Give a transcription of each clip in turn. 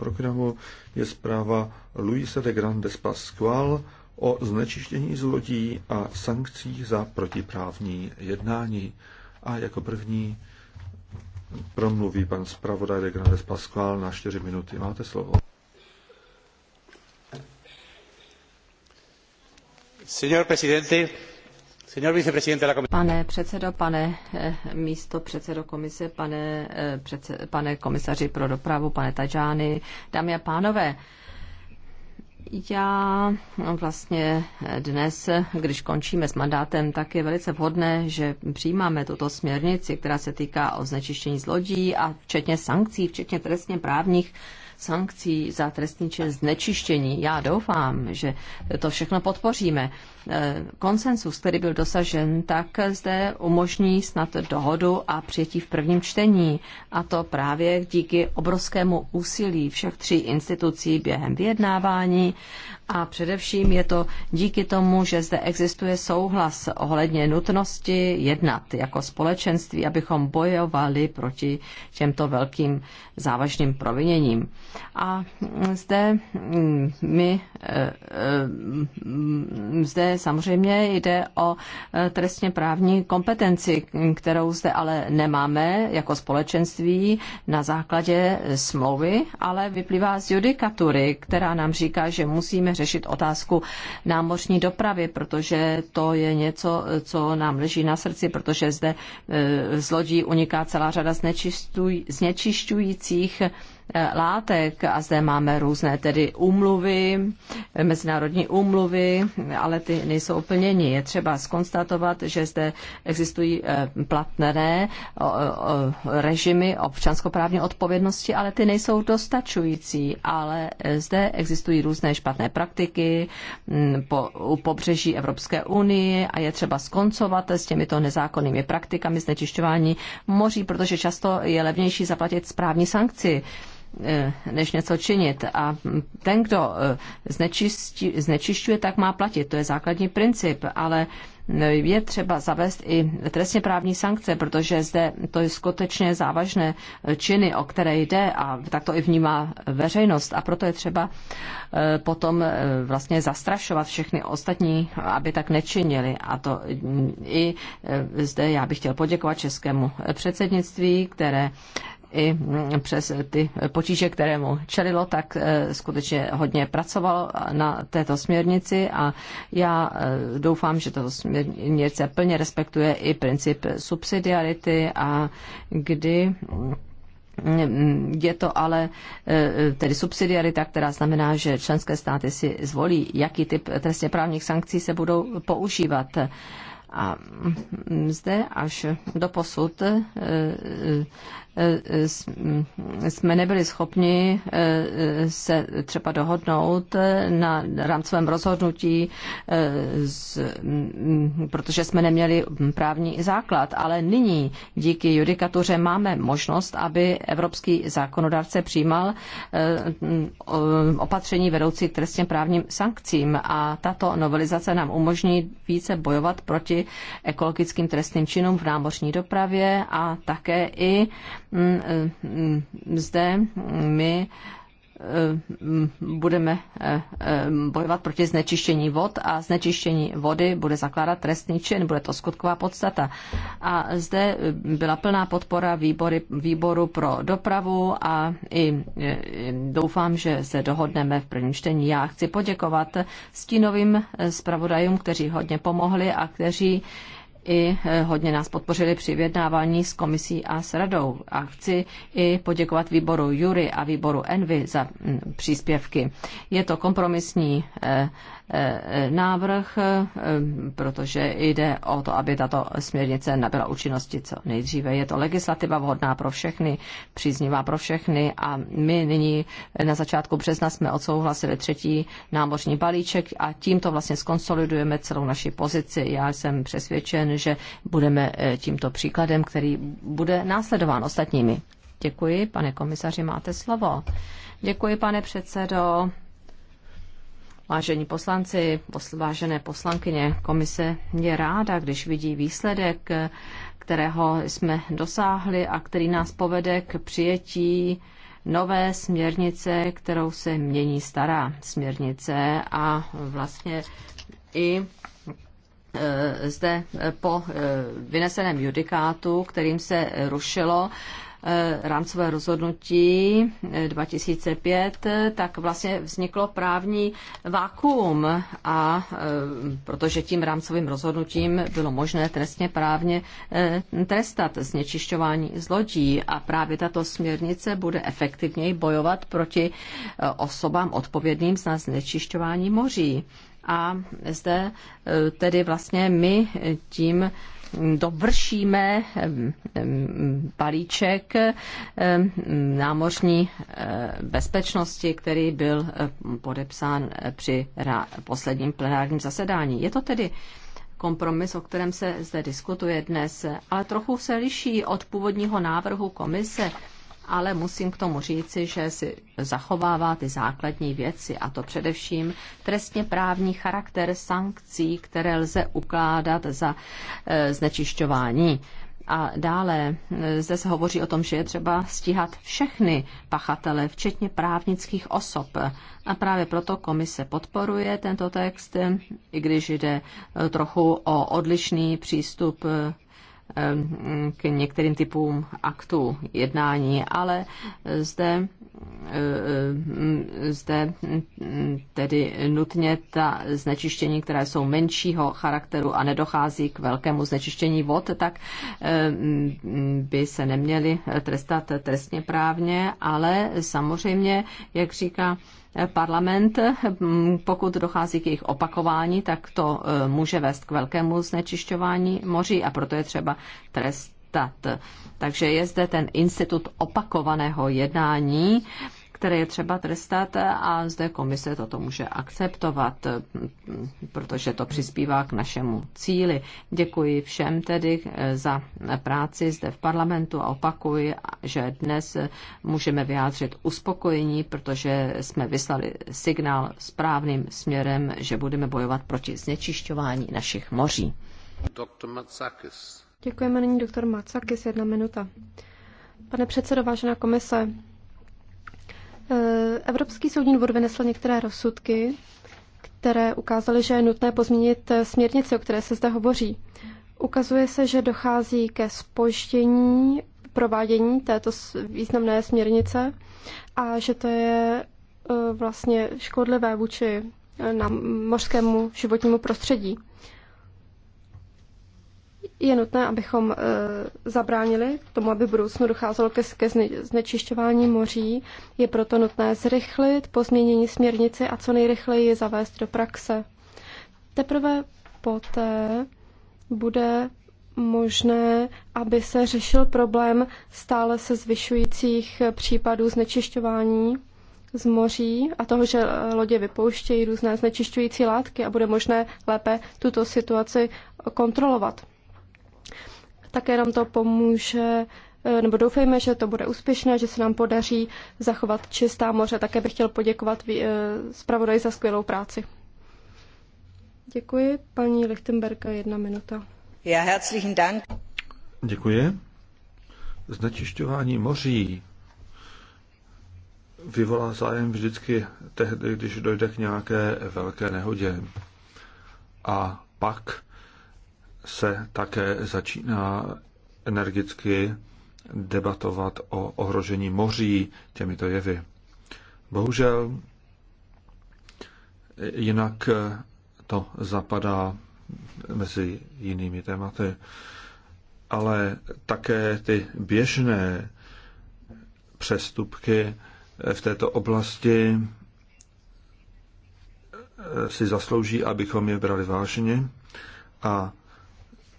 programu je zpráva Luise de Grandes Pascual o znečištění zlodí a sankcích za protiprávní jednání. A jako první promluví pan zpravodaj de Grandes Pascual na 4 minuty. Máte slovo. Señor presidente, Pane předsedo, pane eh, místo předsedo komise, pane, eh, předse, pane komisaři pro dopravu, pane Tajani, dámy a pánové, já vlastně dnes, když končíme s mandátem, tak je velice vhodné, že přijímáme tuto směrnici, která se týká o znečištění z lodí a včetně sankcí, včetně trestně právních sankcí za trestní čin znečištění. Já doufám, že to všechno podpoříme. Eh, konsensus, který byl dosažen, tak zde umožní snad dohodu a přijetí v prvním čtení. A to právě díky obrovskému úsilí všech tří institucí během vyjednávání a především je to díky tomu, že zde existuje souhlas ohledně nutnosti jednat jako společenství, abychom bojovali proti těmto velkým závažným proviněním. A zde mm, my eh, eh, zde samozřejmě jde o eh, trestně právní kompetenci, kterou zde ale nemáme jako společenství na základě smlouvy, ale vyplývá z judikatury, která nám říká, že musíme řešit otázku námořní dopravy, protože to je něco, co nám leží na srdci, protože zde z lodí uniká celá řada znečišťujících Eh, látek a zde máme různé tedy úmluvy, mezinárodní úmluvy, ale ty nejsou plnění. Je třeba skonstatovat, že zde existují eh, platné režimy občanskoprávní odpovědnosti, ale ty nejsou dostačující, ale eh, zde existují různé špatné praktiky mm, po, u pobřeží Evropské unie a je třeba skoncovat s těmito nezákonnými praktikami znečišťování moří, protože často je levnější zaplatit správní sankci Eh, než něco činit. A ten, kdo eh, znečistí, znečišťuje, tak má platit. To je základní princip, ale eh, je třeba zavést i trestně právní sankce, protože zde to je skutečně závažné činy, o které jde a tak to i vnímá veřejnost a proto je třeba potom vlastně zastrašovat všechny ostatní, aby tak nečinili a to mm, i zde já bych chtěl poděkovat českému předsednictví, které i mm, přes ty potíže, které mu čelilo, tak eh, skutečně hodně pracoval na této směrnici a já eh, doufám, že tato směrnice plně respektuje i princip subsidiarity a kdy mm, je to ale eh, tedy subsidiarita, která znamená, že členské státy si zvolí, jaký typ trestně právních sankcí se budou používat. A zde až do posud eh, eh, jsme nebyli schopni eh, se třeba dohodnout na rámcovém rozhodnutí, protože jsme neměli právní základ. Ale nyní díky judikatuře máme možnost, aby evropský zákonodárce přijímal opatření vedoucí k trestně právním sankcím. A tato novelizace nám umožní více bojovat proti ekologickým trestným činům v námořní dopravě a také i mm, mm, mm, zde my Eh, budeme eh, eh, bojovat proti znečištění vod a znečištění vody bude zakládat trestný čin, bude to skutková podstata. A zde byla plná podpora výbory, výboru pro dopravu a i doufám, že se dohodneme v prvním čtení. Já chci poděkovat stínovým zpravodajům, kteří hodně pomohli a kteří i eh, hodně nás podpořili při vyjednávání s komisí a s radou. A chci i poděkovat výboru Jury a výboru Envy za mm, příspěvky. Je to kompromisní eh, eh, návrh, protože jde o to, aby tato směrnice nabyla účinnosti co nejdříve. Je to legislativa vhodná pro všechny, příznivá pro všechny a my nyní na začátku března jsme odsouhlasili třetí námořní balíček a tímto vlastně skonsolidujeme celou naši pozici. Já jsem přesvědčen, že budeme eh, tímto příkladem, který bude následován ostatními. Děkuji, pane komisaři, máte slovo. Děkuji, pane předsedo. Vážení poslanci, vážené poslankyně, komise je ráda, když vidí výsledek, kterého jsme dosáhli a který nás povede k přijetí nové směrnice, kterou se mění stará směrnice a vlastně i Eh, zde eh, po eh, vyneseném judikátu, kterým se rušilo rámcové rozhodnutí 2005, tak vlastně vzniklo právní vákuum a protože tím rámcovým rozhodnutím bylo možné trestně právně trestat znečišťování zlodí a právě tato směrnice bude efektivněji bojovat proti osobám odpovědným za znečišťování moří. A zde e, tedy vlastně my tím dovršíme e, e, balíček námořní bezpečnosti, který byl podepsán při posledním plenárním zasedání. Je to tedy kompromis, o kterém se zde diskutuje dnes, ale trochu se liší od původního návrhu komise, ale musím k tomu říci, že si zachovává ty základní věci, a to především trestně právní charakter sankcí, které lze ukládat za e, znečišťování. A dále e, zde se hovoří o tom, že je třeba stíhat všechny pachatele, včetně právnických osob. A právě proto komise podporuje tento text, i když jde e, trochu o odlišný přístup Eh, k některým typům aktů jednání, ale zde, eh, eh, zde tedy nutně ta znečištění, která jsou menšího charakteru a nedochází k velkému znečištění vod, tak by se neměly trestat trestně právně, ale samozřejmě, jak říká parlament, pokud dochází k jejich opakování, tak to eh, může vést k velkému znečišťování moří a proto je třeba trestat. Takže je zde ten institut opakovaného jednání které je třeba trestat a zde komise toto může akceptovat, protože to přispívá k našemu cíli. Děkuji všem tedy eh, za práci zde v parlamentu a opakuji, že dnes můžeme vyjádřit uspokojení, protože jsme vyslali signál správným směrem, že budeme bojovat proti znečišťování našich moří. Děkujeme nyní doktor Macakis, jedna minuta. Pane předsedo, vážená komise, Eh, Evropský soudní dvůr vynesl některé rozsudky, které ukázaly, že je nutné pozměnit eh, směrnici, o které se zde hovoří. Ukazuje se, že dochází ke spoždění provádění této významné směrnice a že to je eh, vlastně škodlivé vůči na mořskému životnímu prostředí je nutné, abychom eh, zabránili tomu, aby v budoucnu docházelo ke, ke znečišťování moří. Je proto nutné zrychlit pozměnění směrnice a co nejrychleji je zavést do praxe. Teprve poté bude možné, aby se řešil problém stále se zvyšujících případů znečišťování z moří a toho, že eh, lodě vypouštějí různé znečišťující látky a bude možné lépe tuto situaci kontrolovat. Také nám to pomůže eh, nebo doufejme, že to bude úspěšné, že se nám podaří zachovat čistá moře. Také bych chtěl poděkovat eh, zpravodaji za skvělou práci. Děkuji. Paní Lichtenberga, jedna minuta. Já herzlichen Dank. Děkuji. Znečišťování moří vyvolá zájem vždycky tehdy, když dojde k nějaké velké nehodě. A pak se také začíná energicky debatovat o ohrožení moří těmito jevy. Bohužel jinak to zapadá mezi jinými tématy. Ale také ty běžné přestupky v této oblasti si zaslouží, abychom je brali vážně a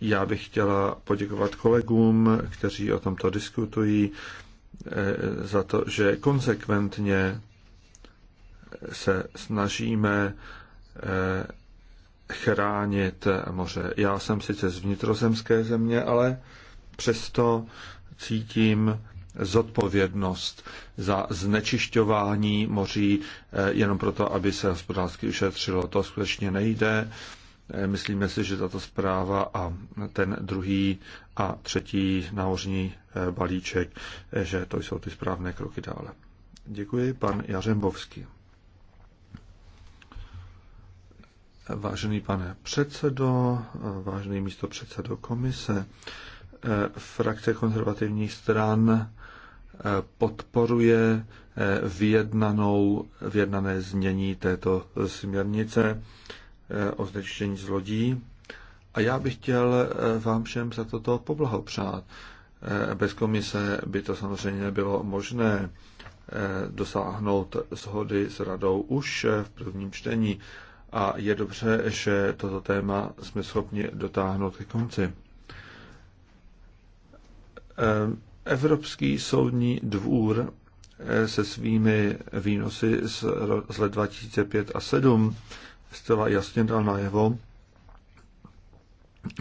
já bych chtěla poděkovat kolegům, kteří o tomto diskutují, eh, za to, že konsekventně se snažíme eh, chránit moře. Já jsem sice z vnitrozemské země, ale přesto cítím zodpovědnost za znečišťování moří eh, jenom proto, aby se hospodářsky ušetřilo. To skutečně nejde. Eh, myslíme si, že tato zpráva a ten druhý a třetí námořní eh, balíček, eh, že to jsou ty správné kroky dále. Děkuji, pan Jařembovský. Vážený pane předsedo, vážený místo předsedo komise, frakce konzervativních stran podporuje vyjednanou, vyjednané znění této směrnice Eh, o znečištění z lodí. A já bych chtěl eh, vám všem za toto poblahopřát. Eh, bez komise by to samozřejmě nebylo možné dosáhnout shody s radou už v prvním čtení. A je dobře, že toto téma jsme schopni dotáhnout ke konci. Evropský soudní dvůr se svými výnosy z let 2005 a 2007 zcela jasně dal najevo,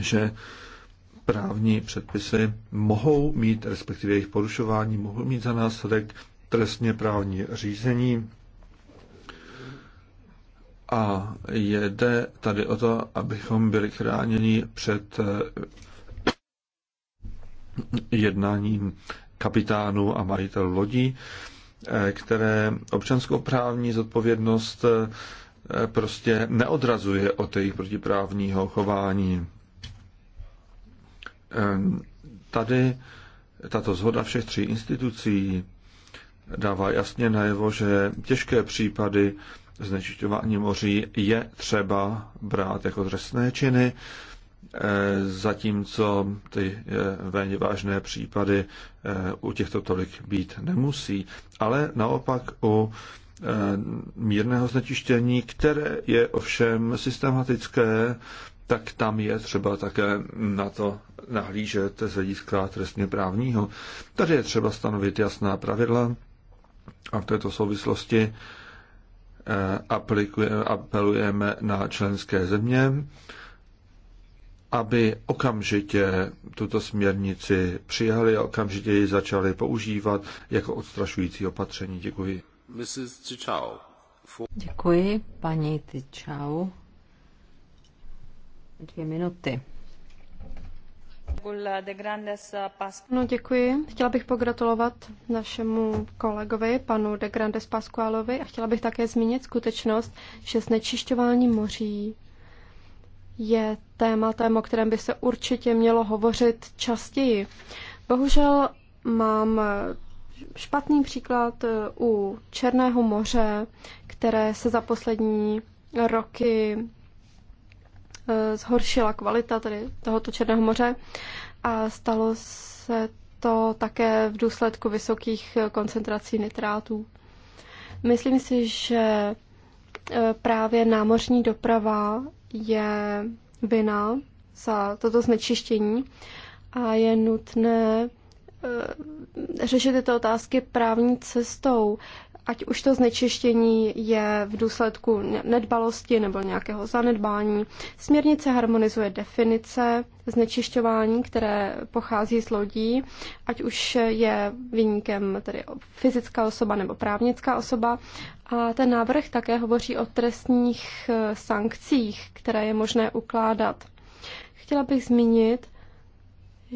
že právní předpisy mohou mít, respektive jejich porušování, mohou mít za následek trestně právní řízení. A jde tady o to, abychom byli chráněni před eh, jednáním kapitánů a majitelů lodí, eh, které občanskoprávní zodpovědnost eh, Eh, prostě neodrazuje od jejich protiprávního chování. Eh, tady tato zhoda všech tří institucí dává jasně najevo, že těžké případy znečišťování moří je třeba brát jako trestné činy, eh, zatímco ty méně vážné případy u těchto tolik být nemusí. Ale naopak u Eh, mírného znečištění, které je ovšem systematické, tak tam je třeba také na to nahlížet z hlediska trestně právního. Tady je třeba stanovit jasná pravidla a v této souvislosti eh, apelujeme na členské země, aby okamžitě tuto směrnici přijali a okamžitě ji začali používat jako odstrašující opatření. Děkuji. Děkuji, paní Tichau. Dvě minuty. No, děkuji. Chtěla bych pogratulovat našemu kolegovi, panu de Grandes Pascualovi, a chtěla bych také zmínit skutečnost, že znečišťování moří je tématem, o kterém by se určitě mělo hovořit častěji. Bohužel mám špatný příklad eh, u Černého moře, které se za poslední roky eh, zhoršila kvalita tedy tohoto Černého moře a stalo se to také v důsledku vysokých eh, koncentrací nitrátů. Myslím si, že právě námořní doprava je vina za toto znečištění a je nutné Eh, řešit tyto otázky právní cestou, ať už to znečištění je v důsledku nedbalosti nebo nějakého zanedbání. Směrnice harmonizuje definice znečišťování, které pochází z lodí, ať už je vyníkem tedy fyzická osoba nebo právnická osoba. A ten návrh také hovoří o trestních eh, sankcích, které je možné ukládat. Chtěla bych zmínit,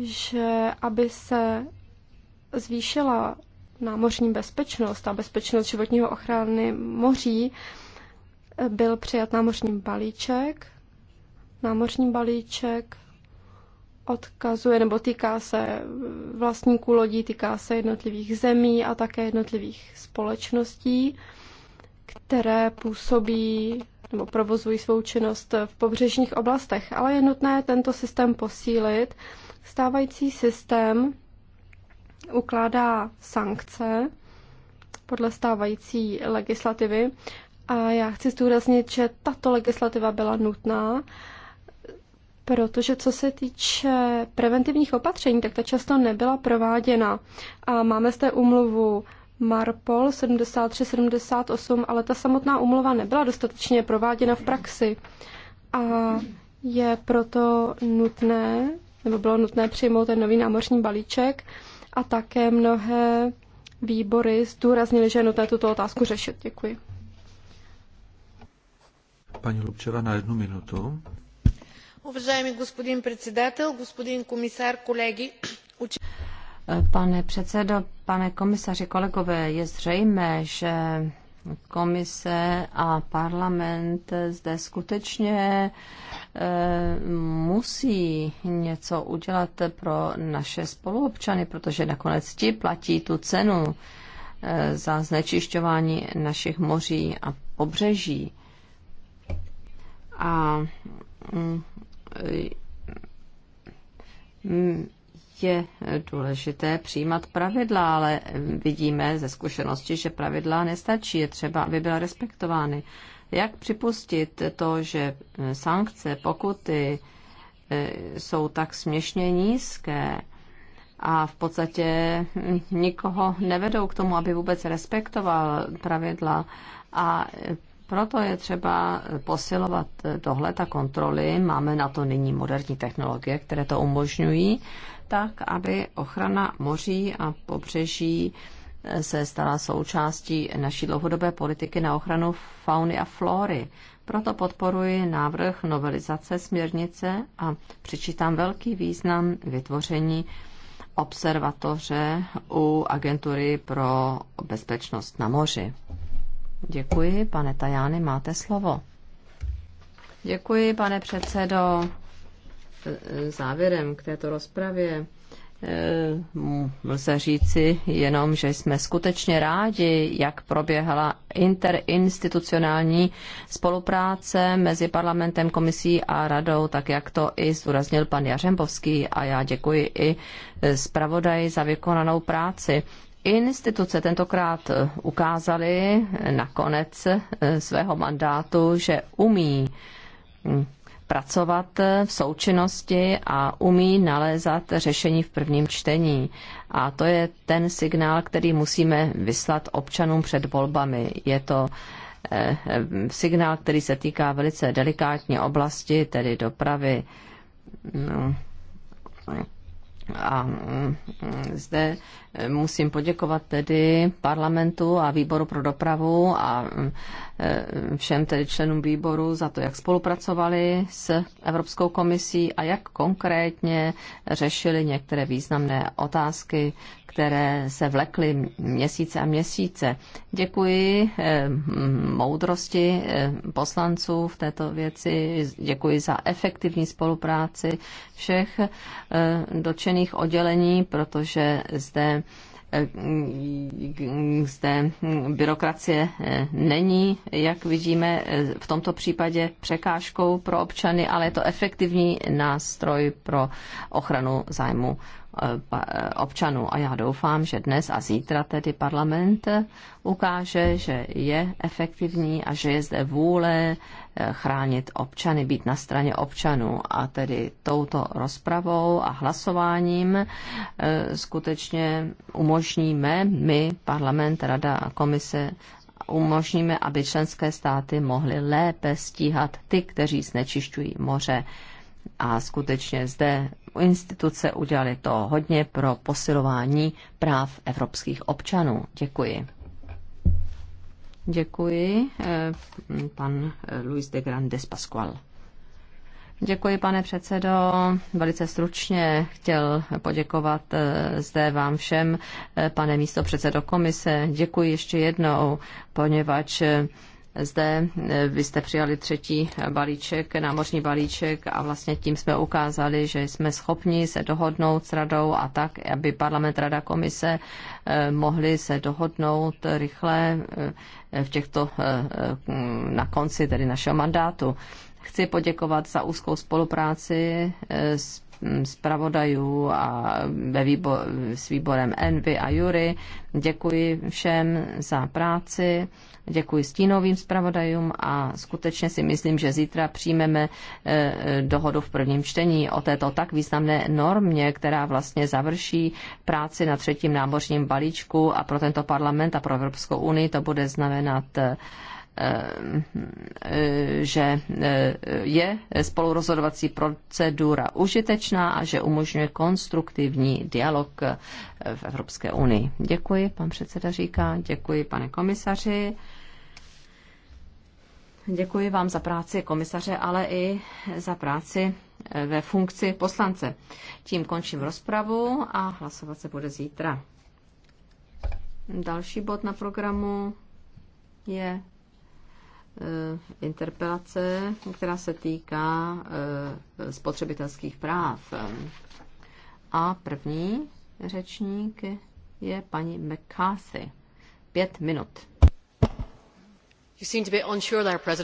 že aby se zvýšila námořní bezpečnost a bezpečnost životního ochrany moří, byl přijat námořní balíček. Námořní balíček odkazuje nebo týká se vlastníků lodí, týká se jednotlivých zemí a také jednotlivých společností, které působí nebo provozují svou činnost v pobřežních oblastech. Ale je nutné tento systém posílit, Stávající systém ukládá sankce podle stávající legislativy a já chci zdůraznit, že tato legislativa byla nutná, protože co se týče preventivních opatření, tak ta často nebyla prováděna. A máme té umluvu Marpol 73-78, ale ta samotná umluva nebyla dostatečně prováděna v praxi. A je proto nutné nebo bylo nutné přijmout ten nový námořní balíček a také mnohé výbory zdůraznili, že je nutné tuto otázku řešit. Děkuji. Pani Lubčeva na jednu minutu. Уважаеми господин председател, господин комисар, колеги, Pane předsedo, pane komisaři, kolegové, je zřejmé, že komise a parlament zde skutečně eh, musí něco udělat pro naše spoluobčany, protože nakonec ti platí tu cenu eh, za znečišťování našich moří a pobřeží. A mm, eh, je důležité přijímat pravidla, ale vidíme ze zkušenosti, že pravidla nestačí, je třeba, aby byla respektovány. Jak připustit to, že sankce, pokuty eh, jsou tak směšně nízké a v podstatě nikoho nevedou k tomu, aby vůbec respektoval pravidla a proto je třeba posilovat tohle ta kontroly. Máme na to nyní moderní technologie, které to umožňují, tak aby ochrana moří a pobřeží se stala součástí naší dlouhodobé politiky na ochranu fauny a flóry. Proto podporuji návrh novelizace směrnice a přičítám velký význam vytvoření observatoře u Agentury pro bezpečnost na moři. Děkuji, pane Tajány, máte slovo. Děkuji, pane předsedo. Závěrem k této rozpravě eh, lze říci jenom, že jsme skutečně rádi, jak proběhla interinstitucionální spolupráce mezi parlamentem, komisí a radou, tak jak to i zdůraznil pan Jařembovský a já děkuji i zpravodaji za vykonanou práci. Instituce tentokrát eh, ukázaly na konec eh, svého mandátu, že umí hm, pracovat eh, v součinnosti a umí nalézat řešení v prvním čtení. A to je ten signál, který musíme vyslat občanům před volbami. Je to signál, který se týká velice delikátní oblasti, tedy dopravy. No a hm, zde eh, musím poděkovat tedy parlamentu a výboru pro dopravu a eh, všem tedy členům výboru za to, jak spolupracovali s Evropskou komisí a jak konkrétně řešili některé významné otázky, které se vlekly měsíce a měsíce. Děkuji eh, moudrosti poslanců v této věci, děkuji za efektivní spolupráci všech dočených oddělení protože zde eh, zde byrokracie eh, není, jak vidíme, eh, v tomto případě překážkou pro občany, ale je to efektivní nástroj pro ochranu zájmu občanů. A já doufám, že dnes a zítra tedy parlament ukáže, že je efektivní a že je zde vůle chránit občany, být na straně občanů. A tedy touto rozpravou a hlasováním eh, skutečně umožníme my, parlament, rada a komise, umožníme, aby členské státy mohly lépe stíhat ty, kteří znečišťují moře. A skutečně zde instituce udělali to hodně pro posilování práv evropských občanů. Děkuji. Děkuji, eh, pan eh, Luis de Grandes Pascual. Děkuji, pane předsedo. Velice stručně chtěl poděkovat eh, zde vám všem, pane místo předsedo komise. Děkuji ještě jednou, poněvadž zde eh, vy jste přijali třetí balíček, námořní balíček a vlastně tím jsme ukázali, že jsme schopni se dohodnout s radou a tak, aby parlament, rada, komise eh, mohli se dohodnout rychle eh, v těchto na konci tedy našeho mandátu. Chci poděkovat za úzkou spolupráci s Mm, zpravodajů a ve výbo- s výborem Envy a Jury. Děkuji všem za práci, děkuji stínovým zpravodajům a skutečně si myslím, že zítra přijmeme e, e, dohodu v prvním čtení o této tak významné normě, která vlastně završí práci na třetím námořním balíčku a pro tento parlament a pro Evropskou unii to bude znamenat e, že eh, je spolurozhodovací procedura užitečná a že umožňuje konstruktivní dialog eh, v Evropské unii. Děkuji, pan předseda říká, děkuji, pane komisaři. Děkuji vám za práci komisaře, ale i za práci eh, ve funkci poslance. Tím končím rozpravu a hlasovat se bude zítra. Další bod na programu je Eh, interpelace, která se týká eh, spotřebitelských práv. A první řečník je paní McCarthy. Pět minut. You seem to be unsure there,